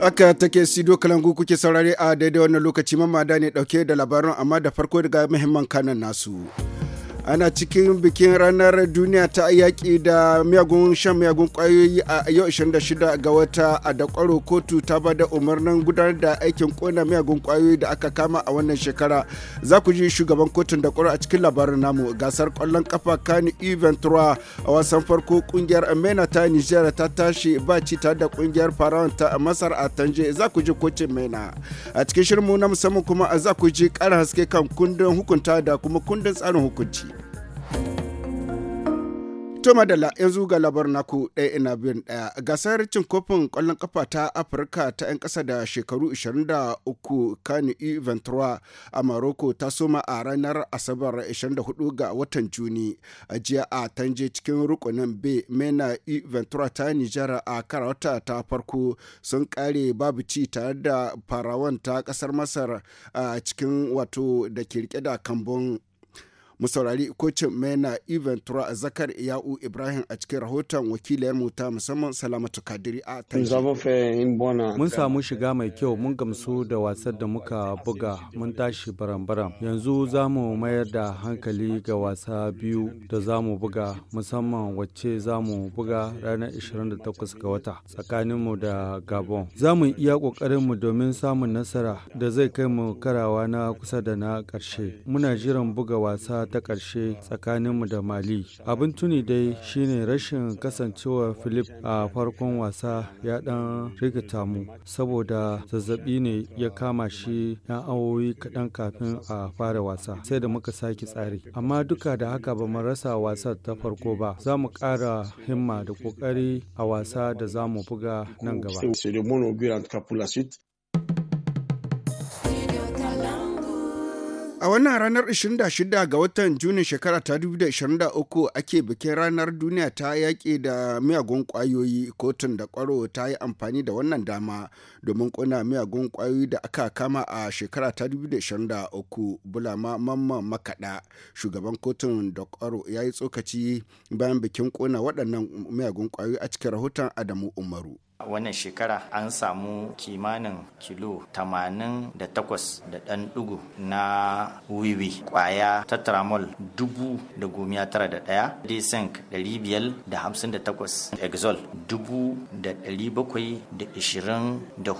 Aka take do Kalangu kuke saurare a daidai wannan lokaci mamada ne dauke da labarin amma da farko daga muhimman kanan nasu. ana cikin bikin ranar duniya ta yaƙi da miyagun shan miyagun ƙwayoyi a yau 26 ga wata a da kwaro kotu ta ba da umarnin gudanar da aikin ƙona miyagun ƙwayoyi da aka kama a wannan shekara za ku ji shugaban kotun da kwaro a cikin labarin namu gasar ƙwallon kafa kani iventura a wasan farko ƙungiyar mena ta niger ta tashi ba ci ta da ƙungiyar farawan ta masar a tanje za ku ji mena a cikin shirin mu na musamman kuma za ku ji ƙara haske kan kundin hukunta da kuma kundin tsarin hukunci. To madalla yanzu ga labar naku ɗaya ina biyun ɗaya gasar cin kofin ƙwallon ƙafa ta Afirka ta 'yan ƙasa da shekaru 23 Kani Ventura a Morocco ta soma a ranar Asabar 24 ga watan Juni. A jiya a Tanje cikin rukunin B Mena Ventura ta Nijar a karawata ta farko sun ƙare babu ci tare da farawan ta ƙasar Masar a cikin wato da kirke da kambun mu saurari kocin mena a Zakar Ya'u Ibrahim a cikin rahoton wakilayar mu ta musamman Salamatu Kadiri a Mun samu shiga mai kyau mun gamsu da wasan da muka buga mun tashi baram-baram. Yanzu za mu mayar da hankali ga wasa biyu da za mu buga musamman wacce za mu buga ranar 28 ga wata tsakaninmu da Gabon. Za mu iya mu domin samun nasara da zai kai mu karawa na kusa da na ƙarshe. Muna jiran buga wasa ta ƙarshe tsakaninmu da Mali. Abin tuni dai shine rashin kasancewar Philip a farkon wasa ya ɗan rikita mu saboda zazzabi ne ya kama shi 'yan awowi kaɗan kafin a fara wasa sai da muka sake tsari. Amma duka da haka ba mu rasa wasa ta farko ba za mu ƙara himma da ƙoƙari a wasa da za mu buga nan gaba. A wannan ranar 26 ga watan Junin shekara ta 2023 ake bikin ranar duniya ta yaƙi da miyagun kwayoyi kotun da ƙwaro ta yi amfani da wannan dama domin ƙuna miyagun ƙwayoyi da aka kama a shekara ta 2023 bulama mamma makaɗa shugaban kotun da ƙwaro ya yi tsokaci bayan bikin ƙuna waɗannan miyagun ƙwayoyi a cikin rahoton Adamu Umaru. wannan shekara an samu kimanin kilo 88 da ɗan ɗugu na wiwi ƙwaya tetramol 9,901 da 558 exol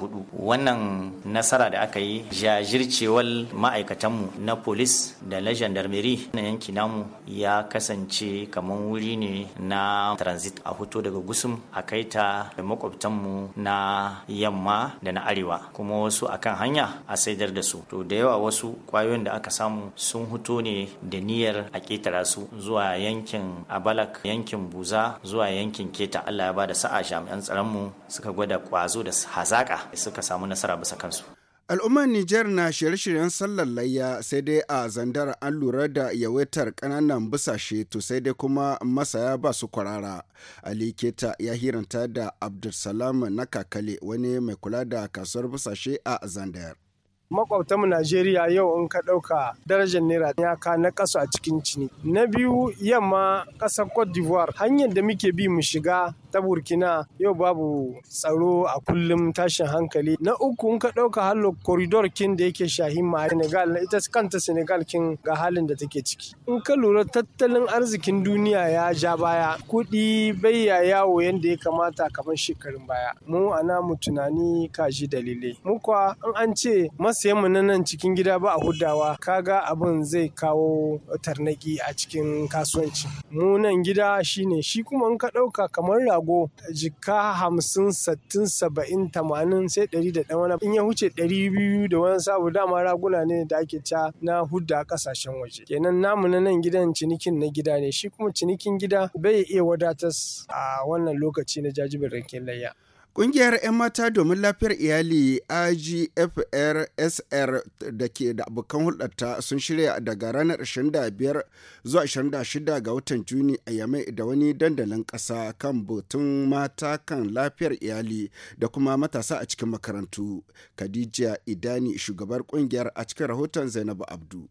hudu. wannan nasara da aka yi jajircewar ma'aikatanmu na polis da na gendarmerie na yanki namu ya kasance kamar wuri ne na transit a hoto daga gusum a kai ta makwabtan mu na yamma da na arewa kuma wasu akan hanya a saidar da su to da yawa wasu kwayoyin da aka samu sun huto ne da niyyar a ketara su zuwa yankin abalak yankin buza zuwa yankin keta allah ya ba da sa'a jami'an mu suka gwada kwazo da hazaka suka samu nasara bisa kansu Al'ummar Nijar na shirye-shiryen sallar layya sai dai a zandar an lura da yawaitar ƙananan busashe to sai dai kuma masaya ba su kwarara. Ali Keta ya hiranta da Abdulsalam na kakale wani mai kula da kasuwar busashe a zandar. makwabtanmu Najeriya yau in ka ɗauka darajar naira ya ka na ƙasa a cikin cini. Na biyu yamma ƙasar Cote d'Ivoire hanyar da muke bi mu shiga ta burkina yau babu tsaro a kullum tashin hankali na uku in ka ɗauka hallo koridor kin da yake shahin ma senegal na ita kanta senegal kin ga halin da take ciki in ka lura tattalin arzikin duniya ya ja baya kuɗi bai ya yawo yadda ya kamata kamar shekarun baya mu ana mu tunani kaji dalilai mu kuwa in an ce masayanmu na nan cikin gida ba a hudawa kaga abin zai kawo tarnaki a cikin kasuwanci mu nan gida shine shi kuma in ka ɗauka kamar ago jika hamsin sattin saba'in tamanin sai ɗari da ɗan wani in ya huce ɗari biyu da wani sabu dama raguna ne da ake ca na hudda ƙasashen waje kenan namu na nan gidan cinikin na gida ne shi kuma cinikin gida bai iya wadatas a wannan lokaci na rankin layya. Ƙungiyar 'yan mata domin lafiyar iyali IGFRSR da ke da abokan hulɗarta sun shirya daga ranar 25 zuwa 26 ga watan Juni a Yamai da wani dandalin ƙasa kan batun mata kan lafiyar iyali da kuma matasa a cikin makarantu. Khadija Idani shugabar ƙungiyar a cikin rahoton Zainabu Abdu.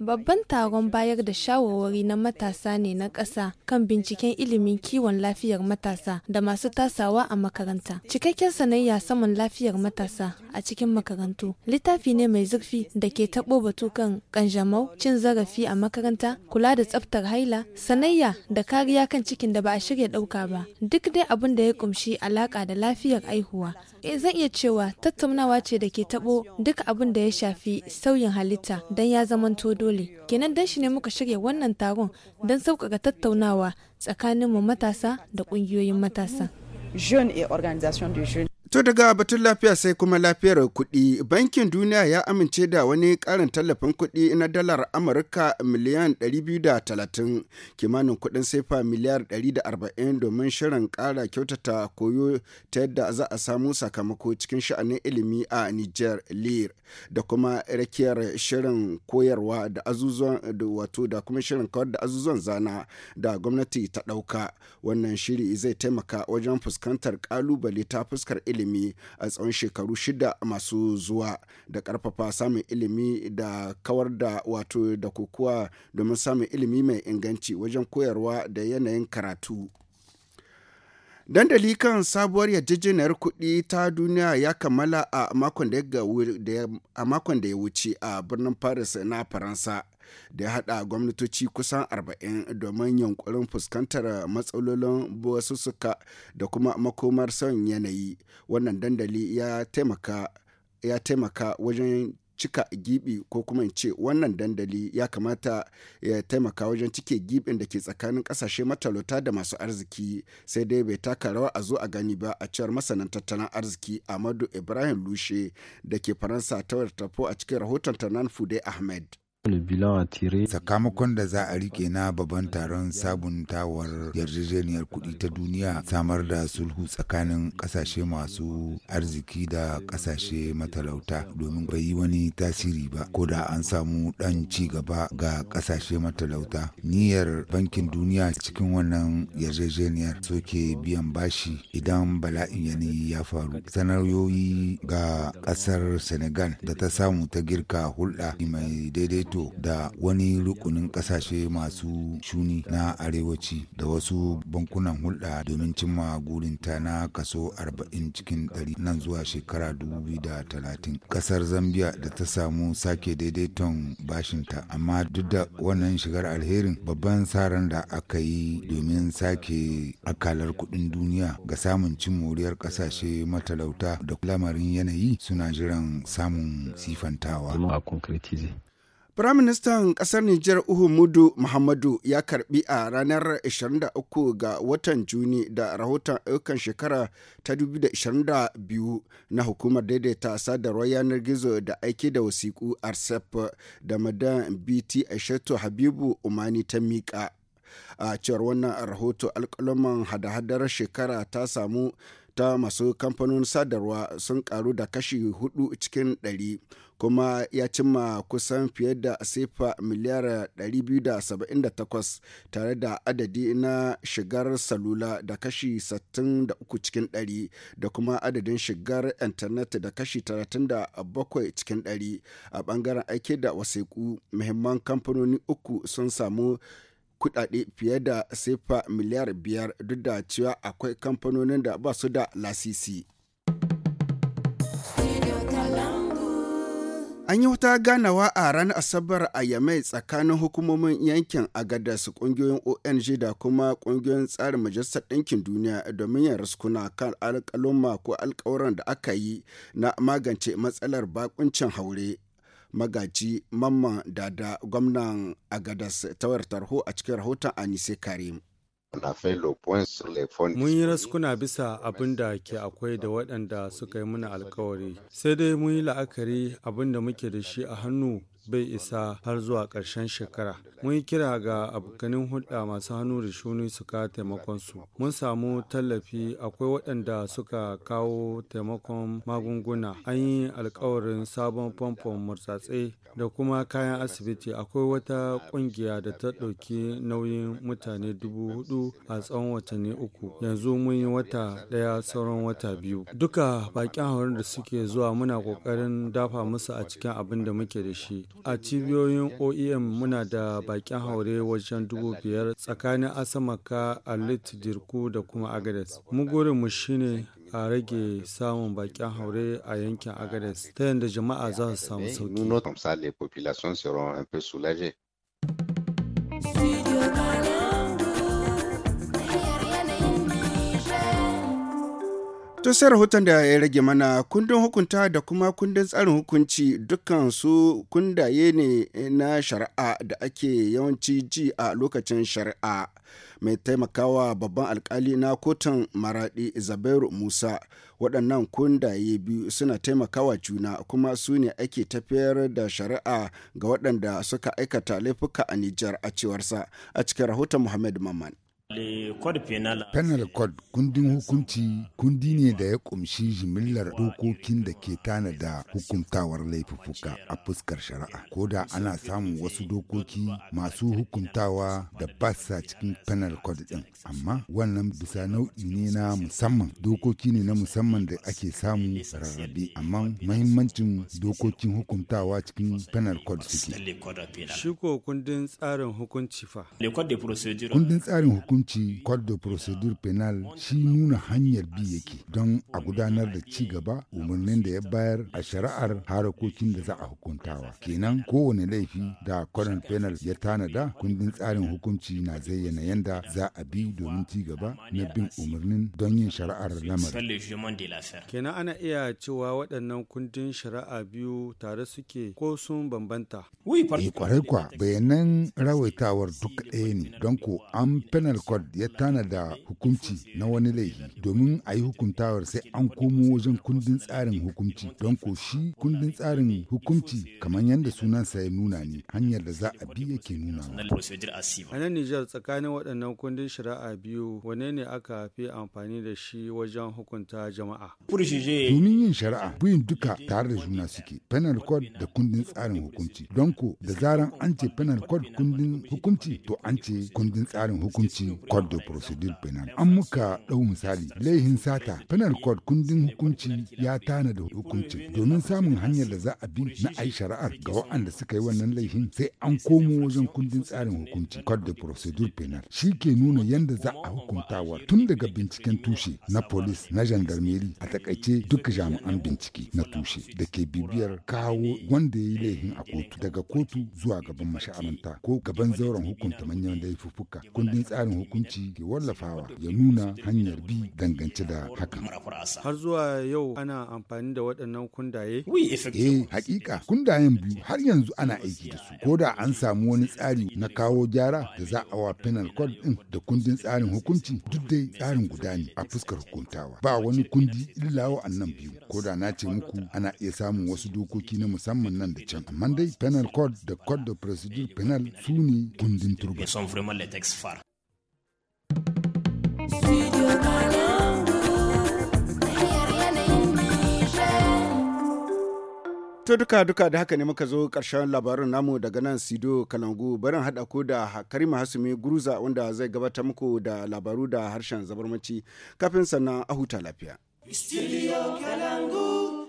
Babban taron bayar da shawarwari na matasa ne na ƙasa kan binciken ilimin kiwon lafiyar matasa da masu tasawa a makaranta. Cikakken sanayya saman lafiyar matasa a cikin makarantu. Littafi ne mai zurfi da ke taɓo batu kan ƙanjamau, cin zarafi a makaranta, kula da tsaftar haila, sanayya da kariya kan cikin da ba a shirya ɗauka ba. Duk dai abin da ya ƙumshi alaƙa da lafiyar aihuwa. Eh, zan iya cewa tattaunawa ce da ke tabo duk abin da ya shafi sauyin halitta don ya zamanto dole. Kenan dan shi ne muka shirya wannan taron don sauƙaƙa tattaunawa tsakaninmu matasa da ƙungiyoyin matasa. Jeune et organisation de jeune. To daga batun lafiya sai kuma lafiyar kuɗi, Bankin Duniya ya amince da wani ƙarin tallafin kuɗi na dalar Amurka miliyan 230, kimanin kuɗin sefa miliyar 140 domin shirin ƙara kyautata koyo ta yadda za a samu sakamako cikin sha'anin ilimi a Niger Lir da kuma rakiyar shirin koyarwa da azuzuwan wato da kuma shirin kawar da azuzuwan zana da gwamnati ta ɗauka. Wannan shiri zai taimaka wajen fuskantar ƙalubale ta fuskar ilimi ilimi a tsawon shekaru shida masu zuwa da karfafa samun ilimi da kawar da wato da kokuwa domin samun ilimi mai inganci wajen koyarwa da yanayin karatu. Dandali kan sabuwar yarjejeniyar kuɗi ta duniya ya kammala a makon da ya wuce a birnin Paris na Faransa. da ya haɗa gwamnatoci kusan 40 domin yankurin fuskantar matsalolin wasu suka da kuma makomar son yanayi wannan dandali ya taimaka wajen cika gibi ko kuma in ce wannan dandali ya kamata ya taimaka wajen cike gibin da ke tsakanin kasashe matalauta da masu arziki sai dai bai taka rawa a zo a gani ba a cewar masanin tattalin arziki amadu ibrahim lushe da ke faransa ta a cikin rahoton tanan fude ahmed Sakamakon da za a rike na babban taron sabuntawar yarjejeniyar kudi ta duniya samar da sulhu tsakanin kasashe masu arziki da kasashe matalauta domin bai yi wani tasiri ba ko da an samu ɗan ci gaba ga ƙasashe matalauta. Niyyar bankin duniya cikin wannan yarjejeniyar soke biyan bashi idan bala'in yanayi ya faru. sanayoyi ga kasar Senegal da ta samu ta girka hulɗa mai daidaito nato da wani rukunin ƙasashe masu shuni na arewaci da wasu bankunan hulɗa domin cimma gurinta na kaso 40 cikin 100 nan zuwa shekara 2030 ƙasar zambia da ta samu sake daidaiton bashinta amma duk da wannan shigar alherin babban tsarin da aka yi domin sake akalar kudin duniya ga samun cin moriyar kasashe matalauta da lamarin yanayi suna jiran samun sifantawa. Firaministan ƙasar Nijar Uhumudu Muhammadu ya karbi a ranar 23 ga watan Juni da rahoton ayyukan shekara ta 2022 na hukumar daidaita sadarwar yanar gizo da aiki da wasiƙu RCEP da madan BT Aishatu Habibu Umani ta miƙa. A cewar wannan rahoto alƙalaman hada-hadar shekara ta samu ta masu kamfanon sadarwa sun karu da kashi hudu cikin ɗari kuma ya cimma kusan fiye da sefa miliyar 278 tare da adadi na shigar salula da kashi 63 cikin 100 da kuma adadin shigar intanet da kashi 37 cikin 100 a bangaren aiki da wasiƙu muhimman kamfanoni uku sun samu kudade fiye da sefa miliyar biyar duk da cewa akwai kamfanonin da ba su da lasisi. An yi wata ganawa a ranar Asabar a Yamai tsakanin hukumomin yankin Agadas kungiyoyin ONG da kuma kungiyoyin tsarin Majalisar Ɗinkin Duniya domin yin raskuna kan alƙaluma ko alƙawuran da aka yi na magance matsalar bakuncin haure. magaji mamman dada gwamnan agadas tawar tarho a cikin rahoton anise karim Mun yi raskuna bisa abin da ke akwai da waɗanda suka yi muna alkawari. Sai dai mun yi la'akari abin da muke da shi a hannu bai isa har zuwa ƙarshen shekara. Mun yi kira ga abokanin hulɗa masu hannu da shuni su ka taimakon su. Mun samu tallafi akwai waɗanda suka kawo taimakon magunguna. An yi alkawarin sabon famfon murtsatse da kuma kayan asibiti akwai wata kungiya da ta ɗauki nauyin mutane dubu hudu a tsawon watanni uku yanzu mun yi wata ɗaya sauran wata biyu duka bakin hauren da suke zuwa muna ƙoƙarin dafa musu a cikin abin da muke da shi a cibiyoyin oem muna da bakin haure wajen dubu biyar tsakanin asamaka alit dirku da kuma agades mu mu shine a rage samun bakin haure a yankin Agadez ta yadda jama'a za su samu sauki. To rahoton da ya rage mana kundin hukunta da kuma kundin tsarin hukunci dukkan su kundaye ne na shari'a da ake yawanci ji a lokacin shari'a. mai taimakawa babban alkali na kotun maradi zabairu musa waɗannan kundaye biyu suna taimakawa juna kuma su ne ake tafiyar da shari'a ga waɗanda suka aikata laifuka a nijar a cewarsa a cikin rahoton muhammad mamman. Penal Code kundin hukunci kundi ne da ya kumshi jimillar dokokin da ke tana da hukuntawar laifuka a fuskar shari'a. Ko da ana samun wasu dokoki masu hukuntawa da ba sa cikin Penal Code ɗin. Amma wannan bisa nau'i ne na musamman. Dokoki ne na musamman da ake samu rarrabe. Amma mahimmancin dokokin hukuntawa cikin Penal Code suke. Shi kundin tsarin hukunci fa. Kundin tsarin hukunci code de procedure penal shi nuna hanyar bi yake don a gudanar da ci gaba umarnin da ya bayar a shari'ar harakokin da za a hukuntawa kenan kowane laifi da code penal ya tanada kundin tsarin hukunci na zayyana yanda za a bi domin ci gaba na bin umarnin don yin shari'ar lamarin kenan ana iya cewa waɗannan kundin shari'a biyu tare suke ko sun bambanta eh, kwarai kwa bayanan rawaitawar duk ɗaya ne don ko an penal code ya tanada hukunci na wani laifi domin a yi hukuntawar sai an komo wajen kundin tsarin hukunci don ko shi kundin tsarin hukunci kamar yadda sunansa ya nuna ne hanyar da za a bi yake nuna a nan nijar tsakanin waɗannan kundin shari'a biyu wane ne aka fi amfani da shi wajen hukunta jama'a domin yin shari'a buyin duka tare da juna suke penal code da kundin tsarin hukunci don ko da zaran an ce penal code kundin hukunci to an ce kundin tsarin hukunci code procedure penal an muka ɗau misali laihin sata penal code kundin hukunci ya tana da hukuncin domin samun hanyar da za a bi na ai shari'ar ga waɗanda suka yi wannan laihin sai an komo wajen kundin tsarin hukunci code de procedure penal shi ke nuna yadda za a hukuntawar tun daga binciken tushe na polis na gendarmerie a takaice duka jami'an bincike na tushe da ke bibiyar kawo wanda ya yi laihin a kotu daga kotu zuwa gaban masha'aranta ko gaban zauren hukunta manyan laifuffuka kundin tsarin hukunci ke wallafawa ya nuna hanyar bi dangance da hakan. Har zuwa yau ana amfani da waɗannan kundaye? Eh, hakika kundayen biyu har yanzu ana aiki da su. Ko da an samu wani tsari na kawo gyara da za a wa penal code ɗin da kundin tsarin hukunci duk dai tsarin guda ne a fuskar hukuntawa. Ba wani kundi illa wa'annan biyu. Ko da na ce muku ana iya samun wasu dokoki na musamman nan da can. Amma dai penal code da code de procedure penal su ne kundin turba. To duka duka da haka ne muka zo karshen labarin namu daga nan Sido Kalangu barin haɗa ko da Karima Hasumi Guruza wanda zai gabatar muku da labaru da harshen zabarmaci kafin sannan a huta lafiya. Studio Kalangu.